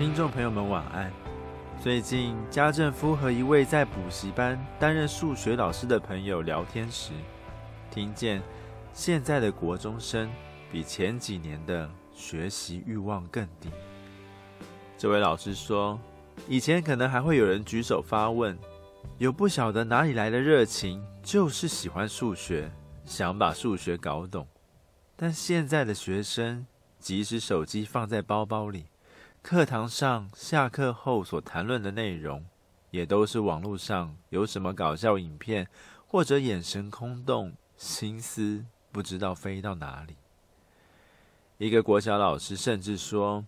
聽眾朋友們，晚安。最近家政夫和一位在補習班擔任數學老師的朋友聊天時，聽見現在的國中生比前幾年的學習慾望更低。這位老師說，以前可能還會有人舉手發問，有不曉得哪裡來的熱情，就是喜歡數學，想把數學搞懂。但現在的學生，即使手機放在包包裡。課堂上下課後所談論的內容，也都是網絡上有什麼搞笑影片，或者眼神空洞，心思不知道飛到哪裡。一個國小老師甚至說，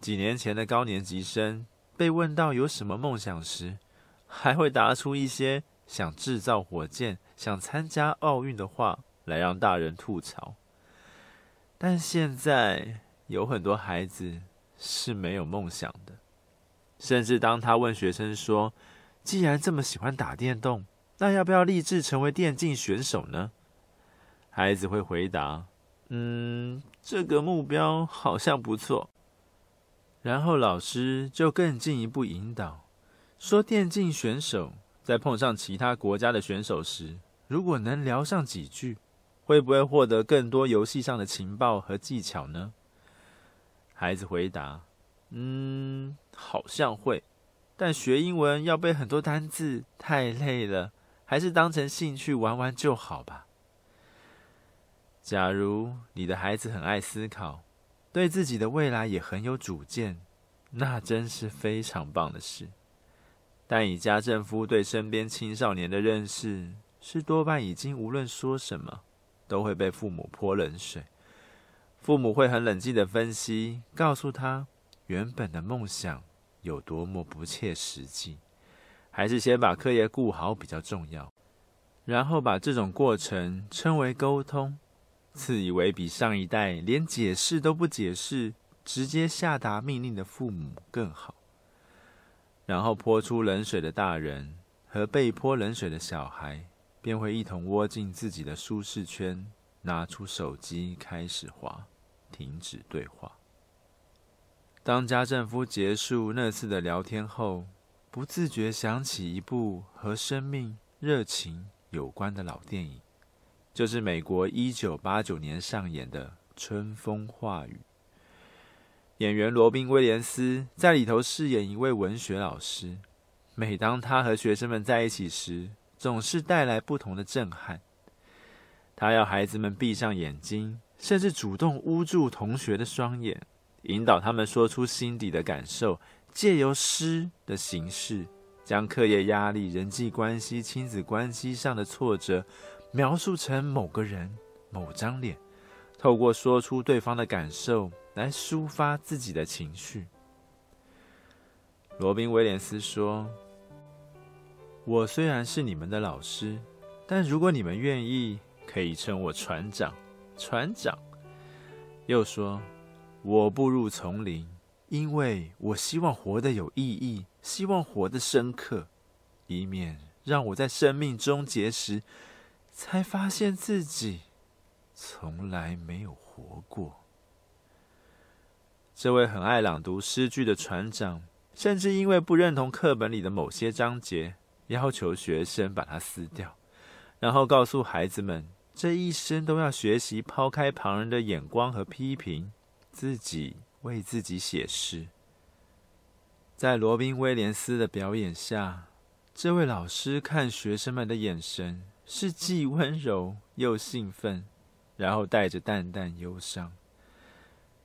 幾年前的高年級生被問到有什麼夢想時，還會答出一些想製造火箭、想參加奧運的話，來讓大人吐槽。但現在有很多孩子。是沒有夢想的。甚至當他問學生說：“既然這麼喜歡打電動，那要不要立志成為電競選手呢？”孩子會回答：“嗯，這個目標好像不錯。”然後老師就更進一步引導說：“電競選手在碰上其他國家的選手時，如果能聊上幾句，會不會獲得更多遊戲上的情報和技巧呢？”孩子回答：“嗯，好像會，但學英文要背很多單字，太累了，還是當成興趣玩玩就好吧。”假如你的孩子很愛思考，對自己的未來也很有主見，那真是非常棒的事。但以家政夫對身邊青少年的認識，是多半已經無論說什麼，都會被父母潑冷水。父母會很冷靜地分析，告訴他原本的夢想有多麼不切實際，還是先把課業顧好比較重要。然後把這種過程稱為溝通，自以為比上一代連解釋都不解釋，直接下達命令的父母更好。然後潑出冷水的大人和被潑冷水的小孩，便會一同窩進自己的舒適圈，拿出手機開始滑。停止對話。當家政夫結束那次的聊天後，不自覺想起一部和生命、熱情有關的老電影，就是美國一九八九年上演的《春風化雨》。演員羅賓·威廉斯在裡頭飾演一位文學老師，每當他和學生們在一起時，總是帶來不同的震撼。他要孩子們閉上眼睛。甚至主動捂住同學的雙眼，引導他們說出心底的感受，借由詩的形式，將課業壓力、人際關係、親子關係上的挫折，描述成某個人、某張臉，透過說出對方的感受來抒發自己的情緒。羅賓·威廉斯說：“我雖然是你們的老師，但如果你們願意，可以稱我船長。”船長又說：“我步入叢林，因為我希望活得有意義，希望活得深刻，以免讓我在生命終結時才發現自己從來沒有活過。”這位很愛朗讀詩句的船長，甚至因為不認同課本裡的某些章節，要求學生把它撕掉，然後告訴孩子們。這一生都要學習拋開旁人的眼光和批評，自己為自己寫詩。在羅賓·威廉斯的表演下，這位老師看學生們的眼神是既溫柔又興奮，然後帶着淡淡憂傷。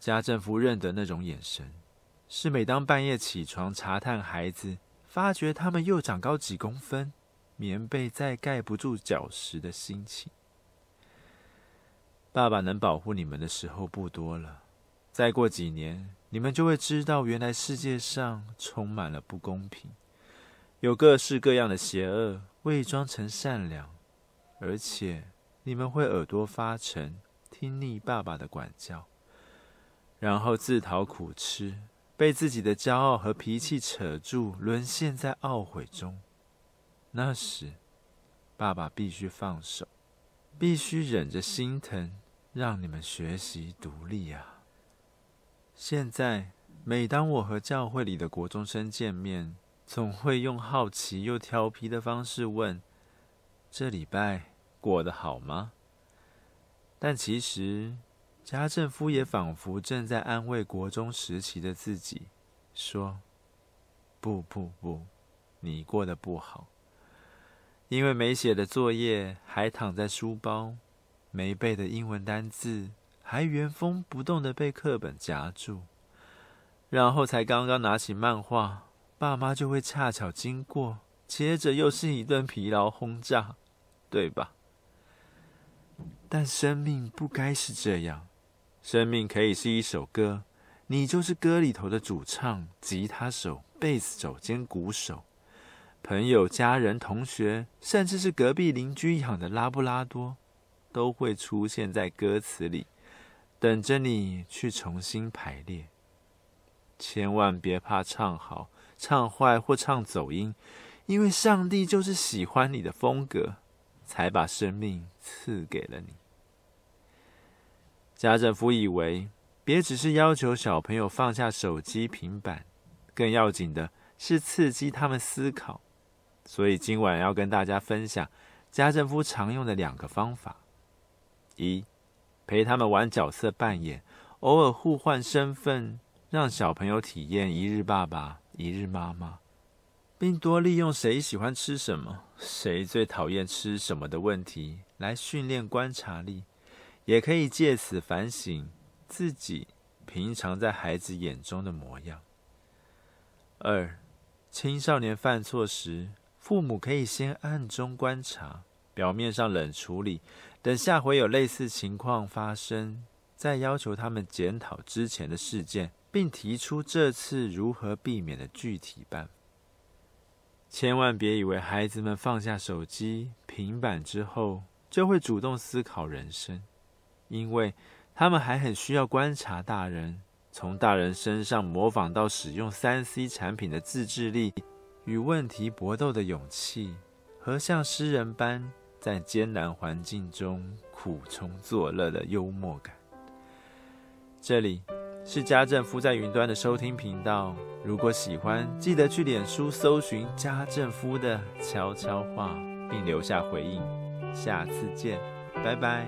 家政夫認得那種眼神，是每當半夜起床查探孩子，發覺他們又長高幾公分，棉被再蓋不住腳時的心情。爸爸能保護你們的時候不多了，再過幾年，你們就會知道，原來世界上充滿了不公平，有各式各樣的邪惡偽裝成善良，而且你們會耳朵發沉，聽膩爸爸的管教，然後自討苦吃，被自己的驕傲和脾氣扯住，淪陷在懊悔中。那時，爸爸必須放手，必須忍着心疼。讓你們學習獨立啊！現在，每當我和教會裡的國中生見面，總會用好奇又調皮的方式問：“這禮拜過得好嗎？”但其實，家政夫也仿佛正在安慰國中時期的自己，說：“不不不，你過得不好，因為沒寫的作業還躺在書包。”沒背的英文單字，還原封不動的被課本夾住，然後才剛剛拿起漫畫，爸媽就會恰巧經過，接着又是一頓疲勞轟炸，對吧？但生命不該是這樣，生命可以是一首歌，你就是歌裡頭的主唱、吉他手、貝斯手兼鼓手，朋友、家人、同學，甚至是隔壁鄰居養的拉布拉多。都會出現在歌詞裡，等着你去重新排列。千萬別怕唱好、唱壞或唱走音，因為上帝就是喜歡你的風格，才把生命賜給了你。家政夫以為，別只是要求小朋友放下手機、平板，更要緊的是刺激他們思考。所以今晚要跟大家分享家政夫常用的兩個方法。一、陪他們玩角色扮演，偶爾互換身份，讓小朋友體驗一日爸爸、一日媽媽，並多利用誰喜歡吃什麼、誰最討厭吃什麼的問題來訓練觀察力，也可以借此反省自己平常在孩子眼中的模樣。二、青少年犯錯時，父母可以先暗中觀察，表面上冷處理。等下回有類似情況發生，再要求他們檢討之前的事件，並提出這次如何避免的具體辦法。千萬別以為孩子們放下手機、平板之後，就會主動思考人生，因為他們還很需要觀察大人，從大人身上模仿到使用三 C 產品的自制力，與問題搏鬥的勇氣和像詩人般。在艱難環境中苦中作樂的幽默感。這裡是家政夫在雲端的收聽頻道。如果喜歡，記得去臉書搜尋家政夫的悄悄話，並留下回應。下次見，拜拜。